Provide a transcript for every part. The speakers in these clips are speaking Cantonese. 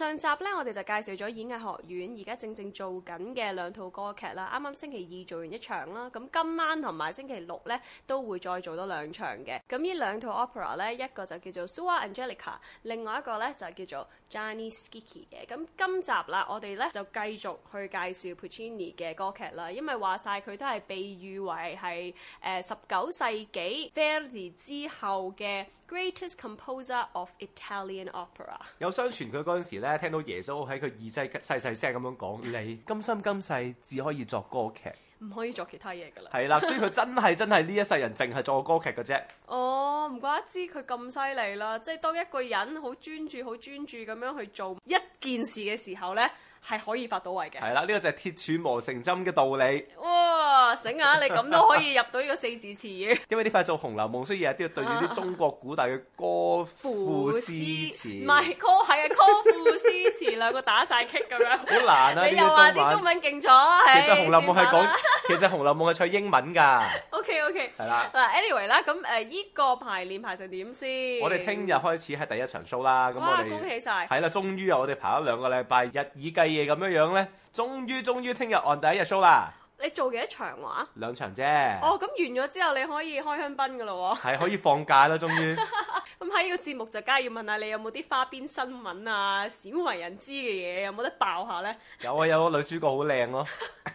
上集咧，我哋就介紹咗演藝學院而家正正做緊嘅兩套歌劇啦。啱啱星期二做完一場啦，咁今晚同埋星期六咧都會再做多兩場嘅。咁呢兩套 opera 咧，一個就叫做 Suor Angelica，另外一個咧就叫做 Gianni Schicchi 嘅。咁今集啦，我哋咧就繼續去介紹 Puccini 嘅歌劇啦，因為話晒佢都係被譽為係誒十九世紀 Verdi 之後嘅 greatest composer of Italian opera。有相傳佢陣時咧。一聽到耶穌喺佢耳仔細細聲咁樣講，你今生今世只可以作歌劇，唔可以作其他嘢噶啦。係 啦，所以佢真係真係呢一世人淨係作歌劇嘅啫。哦，唔怪得知佢咁犀利啦！即係當一個人好專注、好專注咁樣去做一件事嘅時候呢。係可以發到位嘅。係啦，呢、呢個就係鐵杵磨成針嘅道理。哇！醒下、啊，你咁都可以入到呢個四字詞語。 因為呢塊做《紅樓夢》，所以日日都要對住啲中國古代嘅歌賦詩詞。唔係，歌啊，歌賦詩詞兩個打晒棘咁樣。好難啊！你又話啲中文勁咗。其實《紅樓夢》係、哎、講，其實《紅樓夢》係 講英文㗎。O K O K。係啦。a n y w a y 啦，咁誒呢個排練排成點先？我哋聽日開始係第一場 show 啦。哇！我哋恭喜晒！係啦，終於啊，我哋排咗兩個禮拜日以繼。嘢咁樣樣咧，終於終於聽日按第一日 show 啦！你做幾多場話？兩場啫。哦，咁完咗之後你可以開香檳噶咯，係係可以放假啦，終於。 咁喺呢個節目就梗係要問下你有冇啲花邊新聞啊、鮮為人知嘅嘢，有冇得爆下咧？有啊，有個女主角好靚咯。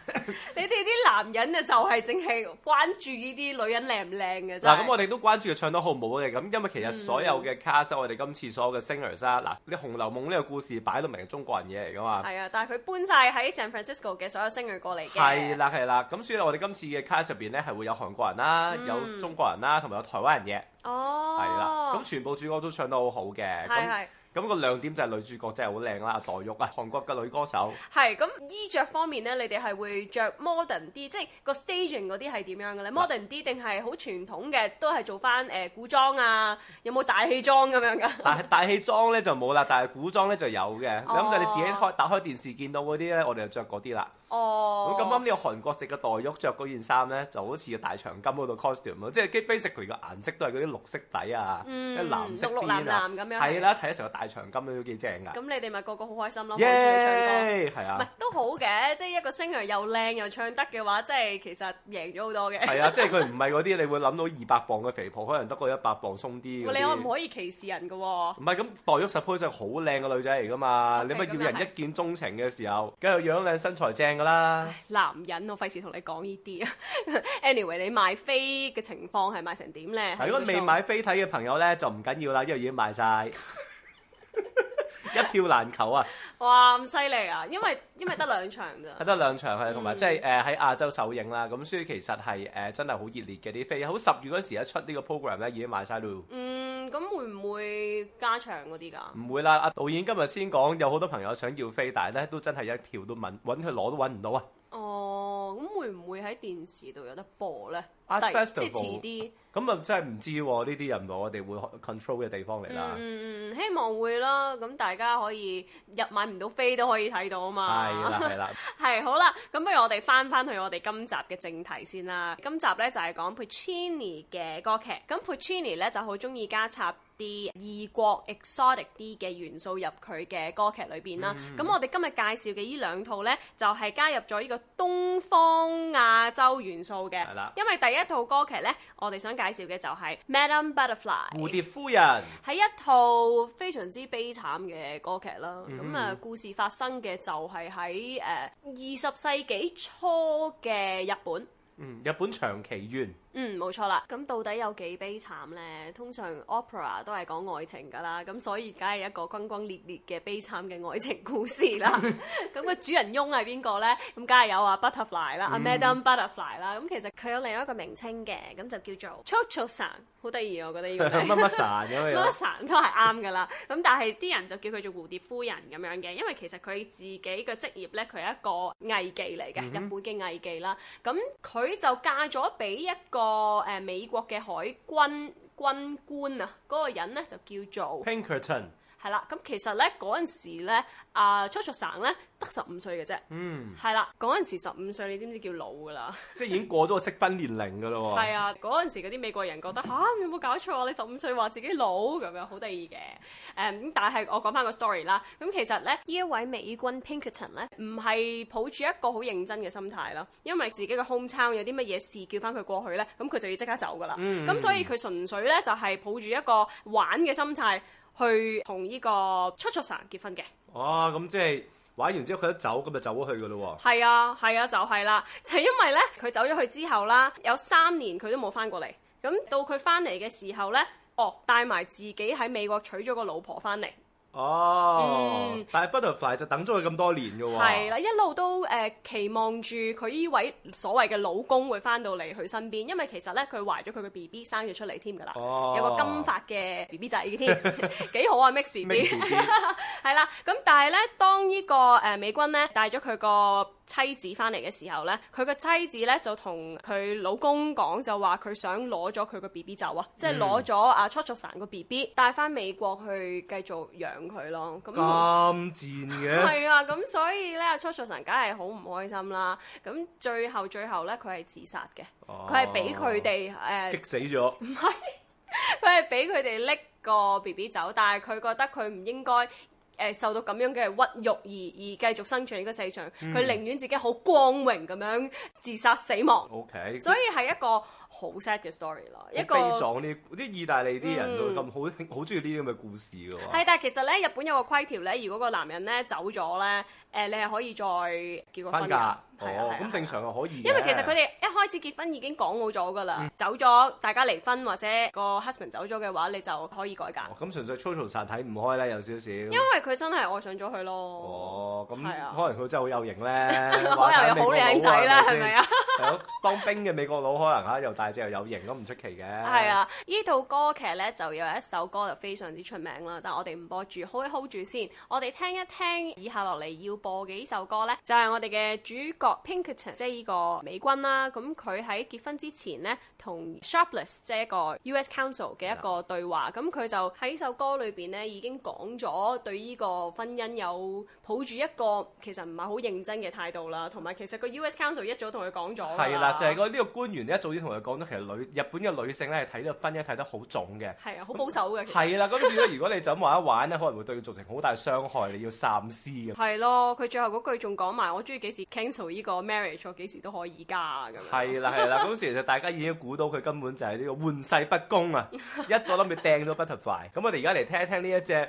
你哋啲男人啊，就係淨係關注呢啲女人靚唔靚嘅啫。嗱，咁我哋都關注佢唱得好唔好嘅。咁因為其實所有嘅卡，a 我哋今次所有嘅聲樂生，嗱、嗯，啲、啊《紅樓夢》呢個故事擺到明係中國人嘢嚟噶嘛？係啊，但係佢搬晒喺 San Francisco 嘅所有聲樂過嚟嘅。係啦、啊，係啦、啊。咁所以咧，我哋今次嘅卡入邊咧係會有韓國人啦、啊嗯，有中國人啦、啊，同埋有台灣人嘅。哦。係啦、啊。咁全部主歌都唱得好好嘅，咁。咁、那個亮點就係女主角真係好靚啦，阿、啊、黛玉啊，韓國嘅女歌手。係咁衣着方面咧，你哋係會着 modern 啲，即係個 staging 嗰啲係點樣嘅咧？modern 啲定係好傳統嘅？都係做翻古裝啊？有冇大戲裝咁樣噶？但大，大戲裝咧就冇啦，但係古裝咧就有嘅。咁、哦、就你，你自己開打開電視見到嗰啲咧，我哋就着嗰啲啦。哦。咁咁啱呢個韓國籍嘅黛玉着嗰件衫咧，就好似個大長今嗰度，costume 咯，即係 basic 嚟嘅顏色都係嗰啲綠色底啊，嗯、藍，色啊六六藍藍綠藍藍咁樣。係啦、啊，睇成大。長金都幾正㗎！咁你哋咪個個好開心咯！耶！係啊，唔係都好嘅，即係一個星娘又靚又唱得嘅話，即係其實贏咗好多嘅。係啊，即係佢唔係嗰啲，你會諗到二百磅嘅肥婆可能得過一百磅鬆啲。你可唔可以歧視人㗎喎。唔係咁，代旭 support 係好靚嘅女仔嚟㗎嘛？你乜要人一見鍾情嘅時候，梗係樣靚身材正㗎啦。男人，我費事同你講呢啲啊。Anyway，你買飛嘅情況係賣成點咧？如果未買飛睇嘅朋友咧，就唔緊要啦，依樣嘢已經賣曬。 一票難求啊！哇咁犀利啊！因為因為得兩場㗎，得 兩場係同埋即係誒喺亞洲首映啦。咁所以其實係、呃、真係好熱烈嘅啲飛，好十月嗰時一出呢個 program 咧已經賣晒啦。嗯，咁會唔會加場嗰啲㗎？唔會啦。阿、啊、導演今日先講有好多朋友想要飛，但係咧都真係一票都搵，搵佢攞都搵唔到啊。哦，咁會唔會喺電視度有得播咧？即、啊、係遲啲，咁啊真係唔知喎，呢啲又唔係我哋會 control 嘅地方嚟啦。嗯，希望會啦，咁大家可以入買唔到飛都可以睇到啊嘛。係啦，係啦，係 好啦，咁不如我哋翻翻去我哋今集嘅正題先啦。今集咧就係、是、講 Puccini 嘅歌劇，咁 Puccini 咧就好中意加插啲異國 exotic 啲嘅元素入佢嘅歌劇裏邊啦。咁、嗯、我哋今日介紹嘅呢兩套咧，就係、是、加入咗呢個東方亞洲元素嘅，因為第一。一套歌劇呢，我哋想介紹嘅就係 Madame Butterfly 蝴蝶夫人，係一套非常之悲慘嘅歌劇啦。咁、嗯、啊，故事發生嘅就係喺誒二十世紀初嘅日本。嗯，日本長期怨。嗯，冇錯啦。咁到底有幾悲慘咧？通常 opera 都係講愛情噶啦，咁所以梗係一個轟轟烈烈嘅悲慘嘅愛情故事啦。咁 個主人翁係邊個咧？咁梗係有啊，Butterfly 啦，嗯啊，Madam Butterfly 啦。咁其實佢有另一個名稱嘅，咁就叫做 Chouchou-san，好得意我覺得呢個乜乜神咁、啊、樣。乜 神都係啱噶啦。咁但係啲人就叫佢做蝴蝶夫人咁樣嘅，因為其實佢自己嘅職業咧，佢係一個藝妓嚟嘅，日本嘅藝妓啦。咁佢。佢就嫁咗俾一個誒、呃、美國嘅海軍軍官啊，嗰、那個、人呢就叫做 Pinkerton。係啦，咁其實咧嗰陣時咧，阿 Cho-Cho-San 咧得十五歲嘅啫。嗯，係啦，嗰陣時十五歲，你知唔知叫老噶啦？即係已經過咗個適婚年齡噶咯。係啊，嗰 陣時嗰啲美國人覺得吓、啊，有冇搞錯，啊、你十五歲話自己老咁樣，好得意嘅。誒、嗯，但係我講翻個 story 啦。咁其實咧，依一位美軍 Pinkerton 咧，唔係抱住一個好認真嘅心態啦，因為自己嘅 home town 有啲乜嘢事叫翻佢過去咧，咁佢就要即刻走噶啦。咁、嗯、所以佢純粹咧就係、是、抱住一個玩嘅心態。去同呢個出出神結婚嘅。哦，咁即係玩完之後佢一走，咁就走咗去噶咯喎。係啊，係啊，就係啦，就係因為呢，佢走咗去之後啦，有三年佢都冇翻過嚟，咁到佢翻嚟嘅時候呢，哦，帶埋自己喺美國娶咗個老婆翻嚟。哦，嗯、但係 Butterfly 就等咗佢咁多年㗎喎。係啦，一路都誒、呃、期望住佢依位所謂嘅老公會翻到嚟佢身邊，因為其實咧佢懷咗佢嘅 B B，生咗出嚟添㗎啦，哦、有個金髮嘅 B B 仔嘅添，幾 好啊 Mixed B B，係啦。咁 但係咧，當呢個誒美軍咧帶咗佢個妻子翻嚟嘅時候咧，佢個妻子咧就同佢老公講，就話佢想攞咗佢個 B B 走啊、嗯，即係攞咗阿 Chuchu 神個 B B 帶翻美國去繼續養佢咯。咁咁賤嘅，係啊！咁所以咧，阿 Chuchu 神梗係好唔開心啦。咁最後最後咧，佢係自殺嘅，佢係俾佢哋誒激死咗。唔係，佢係俾佢哋拎個 B B 走，但係佢覺得佢唔應該。誒受到咁樣嘅屈辱，而而繼續生存呢個市場，佢寧願自己好光榮咁樣自殺死亡。OK，所以係一個。好 sad 嘅 story 咯，一個啲，意大利啲人都咁好，好中意啲咁嘅故事嘅喎。係，但係其實咧，日本有一個規條咧，如果個男人咧走咗咧，誒、呃，你係可以再結個婚㗎、啊。哦，咁、嗯啊嗯嗯嗯、正常係可以。因為其實佢哋一開始結婚已經講好咗㗎啦，走咗大家離婚或者個 husband 走咗嘅話，你就可以改嫁。咁、哦嗯、純粹粗俗曬，睇唔開啦，有少少。因為佢真係愛上咗佢咯。哦，咁可能佢真係好有型咧，可能又好靚仔啦，係咪啊？係 當兵嘅美國佬可能嚇又、啊。之後有型都唔出奇嘅。係啊，這其實呢套歌劇咧就有一首歌就非常之出名啦。但係我哋唔播住，可以 hold 住先。我哋聽一聽以下落嚟要播嘅呢首歌咧，就係我哋嘅主角 Pinkerton，即係呢個美軍啦。咁佢喺結婚之前咧，同 Sharpless 即係一個 US Council 嘅一個對話，咁佢就喺呢首歌裏邊咧，已經講咗對呢個婚姻有抱住一個其實唔係好認真嘅態度啦。同埋其實個 US Council 一早同佢講咗。係啦，就係個呢個官員一早已經同佢講。其實女日本嘅女性咧，係睇到婚姻睇得好重嘅，係啊，好保守嘅。係啦，咁所以如果你就咁玩一玩咧，可 能會對佢造成好大傷害，你要三思。係咯、啊，佢最後嗰句仲講埋：我中意幾時 cancel 依個 marriage，我幾時都可以嫁，係啊。咁樣係啦，係啦，咁所以大家已經估到佢根本就係呢個玩世不恭啊！ 一早諗住掟咗 Butterfly 聽聽。咁我哋而家嚟聽聽呢一隻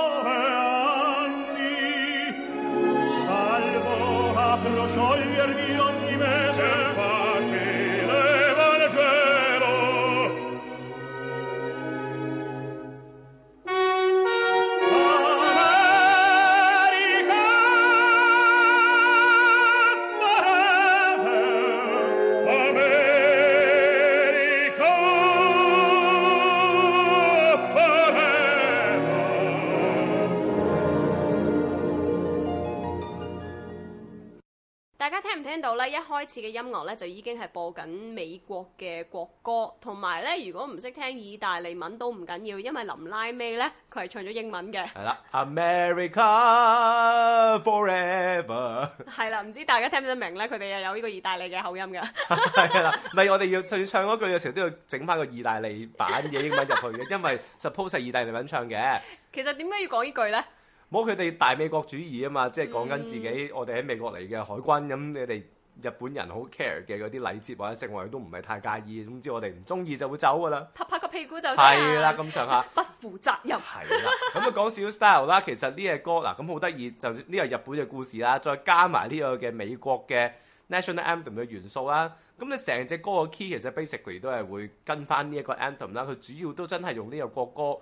開始嘅音樂咧就已經係播緊美國嘅國歌，同埋咧如果唔識聽意大利文都唔緊要，因為林拉美咧佢係唱咗英文嘅。係啦，America forever。係啦，唔知大家聽唔聽得明咧？佢哋又有呢個意大利嘅口音噶。係啦，唔 係我哋要就算唱嗰句嘅時候都要整翻個意大利版嘅英文入去嘅， 因為 suppose 係意大利文唱嘅。其實點解要講呢句咧？冇佢哋大美國主義啊嘛，即係講緊自己，我哋喺美國嚟嘅海軍咁，嗯，你哋。日本人好 care 嘅嗰啲禮節，或者成為都唔係太介意，總之我哋唔中意就會走噶啦。拍拍個屁股就走，係啦，咁上下。 不負責任係啦，咁啊講少 style 啦。其實呢隻歌嗱，咁好得意，就呢個日本嘅故事啦，再加埋呢個嘅美國嘅 national anthem 嘅元素啦。咁你成隻歌嘅 key 其實 basically 都係會跟翻呢一個 anthem 啦。佢主要都真係用呢個國歌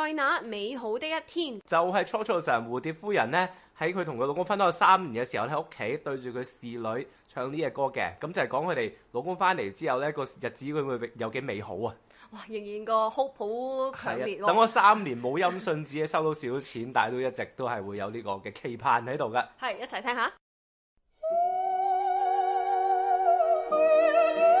在那美好的一天，就係、是、初初成蝴蝶夫人呢，喺佢同佢老公分開三年嘅時候喺屋企對住佢侍女唱呢隻歌嘅，咁就係講佢哋老公翻嚟之後呢個日子佢會有幾美好啊！哇，仍然個 hope 好強烈、啊。等我三年冇音訊，只係收到少少錢，但係都一直都係會有呢個嘅期盼喺度噶。係一齊聽一下。啊啊啊啊啊啊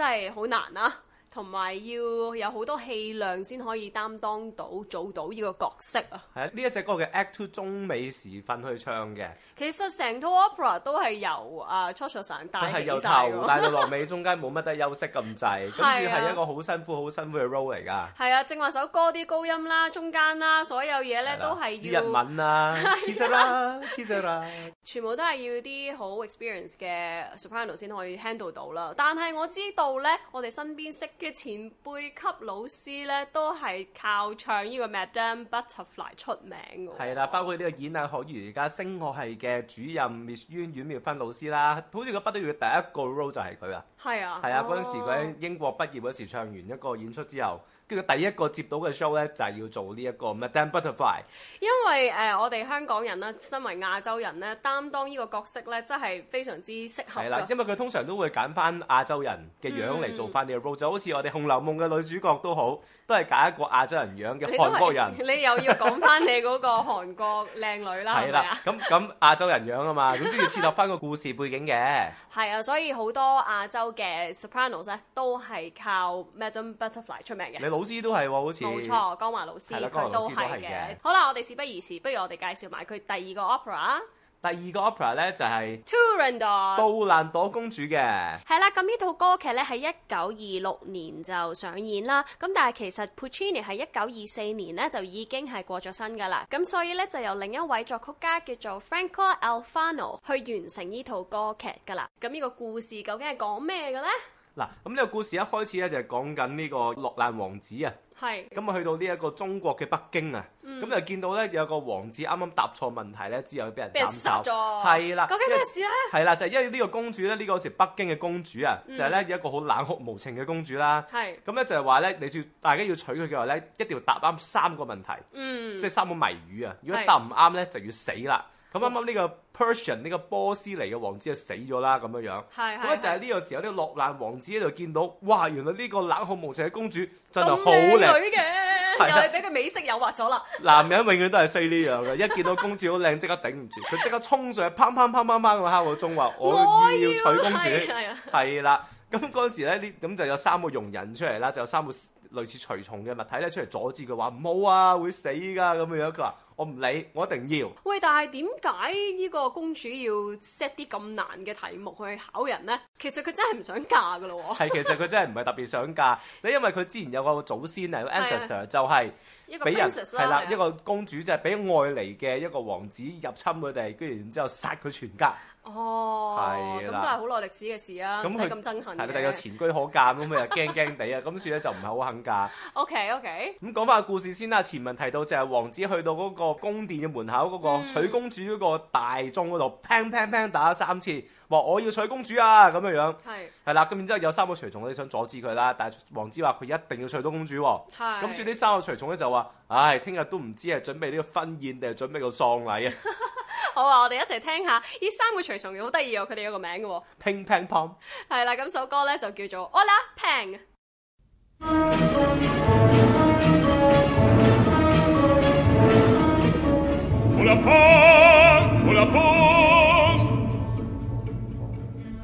真係好難啊！同埋要有好多氣量先可以擔當到做到呢個角色啊！係啊，呢一隻歌嘅 Act Two 中尾時分去唱嘅。其實成套 opera 都係由啊 Turandot 帶起嘅。佢係由頭帶到落尾，中間冇乜得休息咁滯，跟住係一個好辛苦、好辛苦嘅 role 嚟㗎。係啊，正話首歌啲高音啦、中間啦，所有嘢咧都係要日文啊，kiss it 啦，kiss it 啦，全部都係要啲好 experienced 嘅 soprano 先可以 handle 到啦。但係我知道咧，我哋身邊識。嘅前輩級老師咧，都係靠唱呢個 Madame Butterfly 出名喎。係啦，包括呢個演藝學院而家聲樂系嘅主任 Miss Yuen 阮妙芬老師啦，好似個不得要嘅第一個 role 就係佢啦。係啊，係啊！嗰陣時佢喺英國畢業嗰時候唱完一個演出之後，跟住第一個接到嘅 show 咧就係、是、要做呢一個《Madame Butterfly》。因為誒、呃，我哋香港人啦，身為亞洲人咧，擔當呢個角色咧，真係非常之適合。係啦、啊，因為佢通常都會揀翻亞洲人嘅樣嚟做翻呢個 role，就好似我哋《紅樓夢》嘅女主角都好，都係揀一個亞洲人樣嘅韓國人。你，你又要講翻你嗰個韓國靚女啦？係啦、啊，咁咁、啊啊 啊、亞洲人樣啊嘛，咁都要設立翻個故事背景嘅。係啊，所以好多亞洲嘅 Sopranos 咧都係靠 Madame Butterfly 出名嘅，你老師都係喎，好似冇錯，江華老師佢都係嘅。好啦，我哋事不宜遲，不如我哋介紹埋佢第二個 opera。第二個 opera 咧就係、Turandot《杜蘭朵公主的》嘅，係啦。咁呢套歌劇咧喺一九二六年就上演啦。咁但係其實 Puccini 喺一九二四年咧就已經係過咗身噶啦。咁所以咧就由另一位作曲家叫做 Franco Alfano 去完成呢套歌劇噶啦。咁呢個故事究竟係講咩嘅咧？嗱，咁呢個故事一開始咧就係講緊呢個落難王子啊，係，咁啊去到呢一個中國嘅北京啊，咁就見到咧有個王子啱啱答錯問題咧，之後俾人斬頭，係啦，究竟咩事咧？係啦，就係、係、因為呢個公主咧，呢、呢個時北京嘅公主啊，就係、係、咧一個好冷酷無情嘅公主啦，係、嗯，咁咧就係話咧，你要大家要娶佢嘅話咧，一定要答啱三個問題，嗯，即係三個謎語啊，如果答唔啱咧就要死啦。咁啱啱呢個 Persian 呢個波斯尼嘅王子就死咗啦，咁樣樣。咁啊就係呢個時候，呢個落難王子喺度見到，哇！原來呢個冷酷無情嘅公主真係好靚女嘅，又係俾佢美色誘惑咗啦。男人永遠都係衰呢樣嘅， 一見到公主好靚，即刻頂唔住，佢即刻衝上去，砰砰砰砰砰咁敲個鐘話：我要娶公主。係啦，咁嗰陣時咧，呢咁就有三個傭人出嚟啦，就有三個類似隨從嘅物體咧出嚟阻止佢話：唔好啊，會死㗎咁樣樣。佢話。我唔理，我一定要。喂，但係點解呢個公主要 set 啲咁難嘅題目去考人呢？其實佢真係唔想嫁噶咯喎。係，其實佢真係唔係特別想嫁。你 因為佢之前有個祖先有個 ancestor 就係、係、俾人係啦，一個公主就係俾外嚟嘅一個王子入侵佢哋，居然之後殺佢全家。哦，咁都係好耐歷史嘅事啊。啦，就係咁憎恨。係，但有前居可鑑咁啊，驚驚地啊，咁算嘞，就唔係好肯嫁。O K O K，咁講返個故事先啦。前文提到就係王子去到嗰個宮殿嘅門口嗰個娶公主嗰個大鐘嗰度，砰砰砰打咗三次。話我要娶公主啊，咁樣係係啦。咁然之後有三個隨從咧想阻止佢啦，但王子話佢一定要娶到公主啊。喎。咁，算呢三個隨從咧就話：唉、哎，聽日都唔知係準備呢個婚宴定係準備個喪禮啊！ 好啊，我哋一齊聽一下。呢三個隨從好得意喎，佢哋有個名嘅喎啊。Ping Pang Pong 係啦，咁首歌咧就叫做《Olà Pang》。Olà Pang, Olà Pang。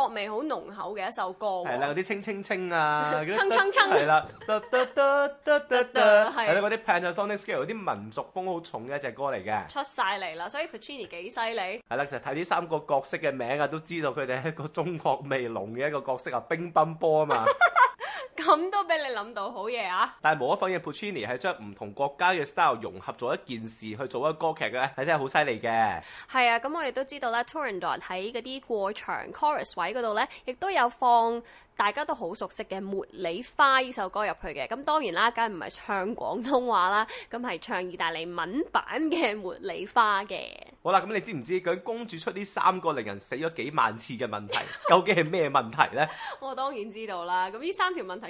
國味好濃厚嘅一首歌，係啦，嗰啲青青青啊，青青係啦，係 啦嗰啲 pentatonic scale 嗰啲民族風好重嘅一隻歌嚟嘅，出晒嚟啦，所以 Puccini 幾犀利，係啦，其實睇呢三個角色嘅名啊，都知道佢哋係一個中國味濃嘅一個角色啊，乒乓波啊嘛。 咁都俾你諗到好嘢啊！但係無可否認，Puccini 係將唔同國家嘅 style 融合咗一件事去做一個歌劇嘅，係真係好犀利嘅。係啊，咁我亦都知道啦，Torrond 喺嗰啲過場 chorus 位嗰度咧，亦都有放大家都好熟悉嘅《茉莉花》呢首歌入去嘅。咁當然啦，梗係唔係唱廣東話啦，咁係唱意大利文版嘅《茉莉花》嘅。好啦，咁你知唔知佢公主出呢三個令人死咗幾萬次嘅問題， 究竟係咩問題咧？我當然知道啦。咁呢三條問題。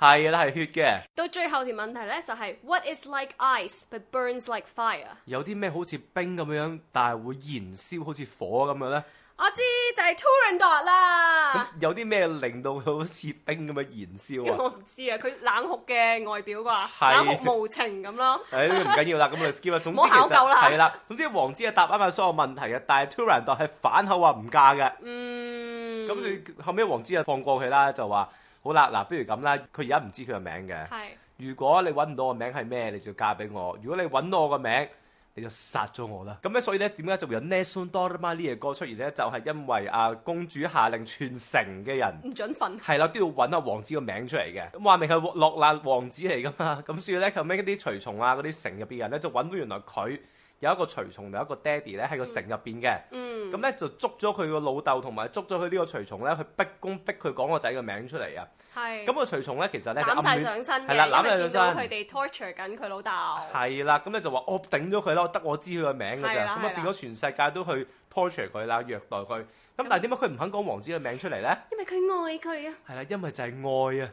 係啦，係血嘅。到最後條問題咧，就係、是、What is like ice but burns like fire？有啲咩好似冰咁樣，但係會燃燒好似火咁樣咧？我知就係 Turandot 啦。有啲咩令到佢好似冰咁樣燃燒啊？我唔知啊，佢冷酷嘅外表啩，冷酷無情咁咯。誒、哎，唔緊要啦，咁我 skip 了，總之考究之係啦，總之王子啊答翻晒所有問題啊，但係 Turandot 係反口話唔嫁嘅。嗯。咁所以後尾王子啊放過佢啦，就話。好啦，嗱，不如咁啦，佢而家唔知佢個名嘅。係。如果你揾唔到我個名係咩，你就嫁俾我；如果你揾到我個名，你就殺咗我啦。咁咧，所以呢，點解就會有《Nessun Dorma》呢嘢歌出現呢？就係因為啊公主下令全城嘅人唔准瞓，係啦都要揾阿王子個名出嚟嘅。咁話明係落難王子嚟噶嘛？咁所以呢，後尾嗰啲隨從啊，嗰啲城入邊人呢，就揾到原來佢。有一個隨從有一個爹哋咧喺個城入邊嘅，咁、嗯、咧就捉咗佢個老豆同埋捉咗佢呢，逼逼、呢個隨從咧，去逼供逼佢講個仔嘅名出嚟啊！係咁，個隨從咧，其實咧揼晒上身，係啦揼曬上身。佢哋 torture 緊佢老豆，係啦，咁咧就話、哦、我頂咗佢咯，得我知佢個名㗎咋，咁啊變咗全世界都去 torture 佢啦，虐待佢。咁但係點解佢唔肯講王子嘅名出嚟咧？因為佢愛佢啊！係啦，因為就係愛啊！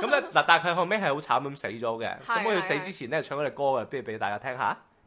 咁咧嗱，但係後尾係好慘咁死咗嘅。咁我要死之前咧唱隻歌嘅，不如俾大家聽下。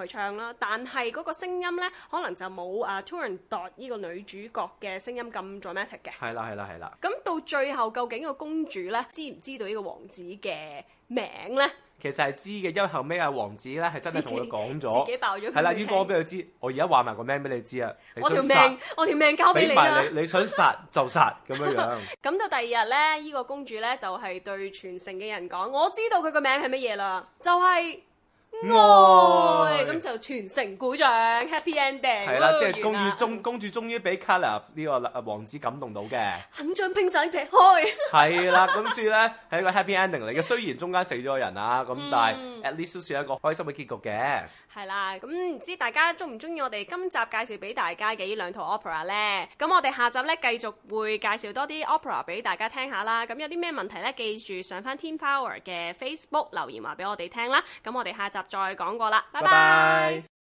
去唱啦，但係嗰個聲音咧，可能就冇啊 Turandot 呢個女主角嘅聲音咁 dramatic 嘅。係啦，係啦，係啦。咁到最後究竟個公主咧知唔知道呢個王子嘅名咧？其實係知嘅，因為後尾啊王子咧係真係同佢講咗，自己爆咗。係啦，呢個我俾佢知，我而家話埋個名俾你知啊。我條命，我條命交俾你啦。俾埋你，你想殺就殺咁樣樣。咁 到第二日咧，呢、這個公主咧就係、是、對全城嘅人講，我知道佢個名係乜嘢啦，就係、是。哦，咁就全城鼓掌，happy ending。係啦，即係公主終公主終於俾卡納呢個啊王子感動到嘅，肯將冰山劈開。係啦，咁所以咧係一個 happy ending 嚟嘅。雖然中間死咗人啊，咁但係 at least 都算係一個開心嘅結局嘅。係啦，咁唔知大家中唔中意我哋今集介紹俾大家嘅呢兩套 opera 咧？咁我哋下集咧繼續會介紹多啲 opera 俾大家聽下啦。咁有啲咩問題咧？記住上翻 team power 嘅 Facebook 留言話俾我哋聽啦。咁我哋下集，再講過啦，拜拜。Bye bye